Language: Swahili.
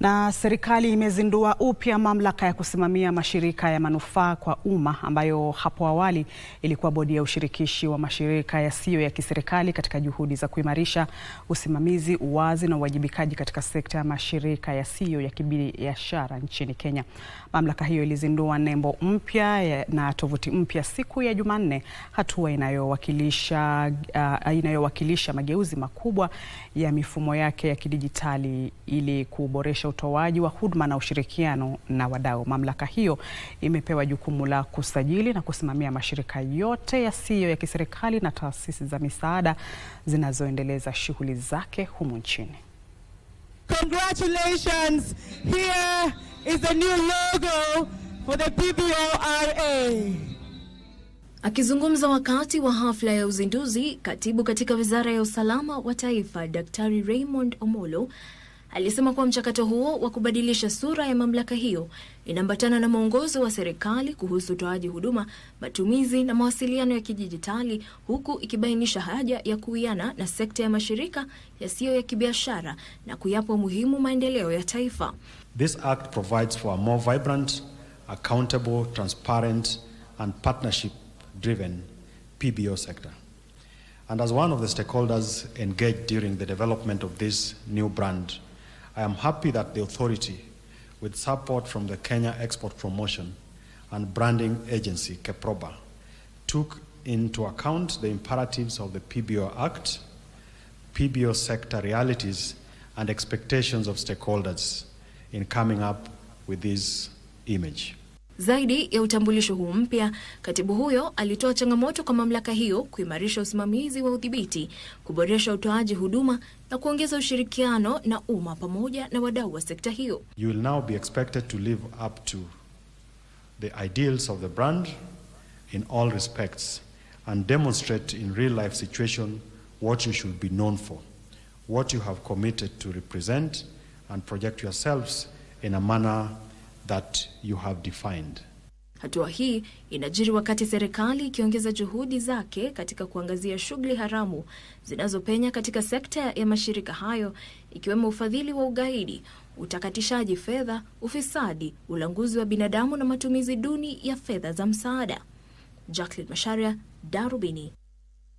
Na serikali imezindua upya mamlaka ya kusimamia mashirika ya manufaa kwa umma ambayo hapo awali ilikuwa bodi ya ushirikishi wa mashirika yasiyo ya, ya kiserikali katika juhudi za kuimarisha usimamizi, uwazi na uwajibikaji katika sekta ya mashirika yasiyo ya, ya kibiashara nchini Kenya. Mamlaka hiyo ilizindua nembo mpya na tovuti mpya siku ya Jumanne, hatua inayowakilisha uh, inayowakilisha mageuzi makubwa ya mifumo yake ya kidijitali ili kuboresha kuimarisha utoaji wa huduma na ushirikiano na wadau. Mamlaka hiyo imepewa jukumu la kusajili na kusimamia mashirika yote yasiyo ya kiserikali na taasisi za misaada zinazoendeleza shughuli zake humu nchini. Congratulations. Here is the new logo for the PBORA. Akizungumza wakati wa hafla ya uzinduzi, katibu katika Wizara ya Usalama wa Taifa, Daktari Raymond Omolo alisema kuwa mchakato huo wa kubadilisha sura ya mamlaka hiyo inaambatana na mwongozo wa serikali kuhusu utoaji huduma, matumizi na mawasiliano ya kidijitali, huku ikibainisha haja ya kuwiana na sekta ya mashirika yasiyo ya, kibiashara na kuyapa umuhimu maendeleo ya taifa. This act provides for a more vibrant, accountable, transparent and partnership driven PBO sector. And as one of the stakeholders engaged during the development of this new brand I am happy that the authority, with support from the Kenya Export Promotion and Branding Agency, KEPROBA, took into account the imperatives of the PBO Act, PBO sector realities, and expectations of stakeholders in coming up with this image. Zaidi ya utambulisho huu mpya, katibu huyo alitoa changamoto kwa mamlaka hiyo kuimarisha usimamizi wa udhibiti, kuboresha utoaji huduma na kuongeza ushirikiano na umma pamoja na wadau wa sekta hiyo. You will now be expected to live up to the ideals of the brand in all respects and demonstrate in real life situation what you should be known for, what you have committed to represent and project yourselves in a manner that you have defined. Hatua hii inajiri wakati serikali ikiongeza juhudi zake katika kuangazia shughuli haramu zinazopenya katika sekta ya mashirika hayo ikiwemo ufadhili wa ugaidi, utakatishaji fedha, ufisadi, ulanguzi wa binadamu na matumizi duni ya fedha za msaada. Jacqueline Macharia, Darubini.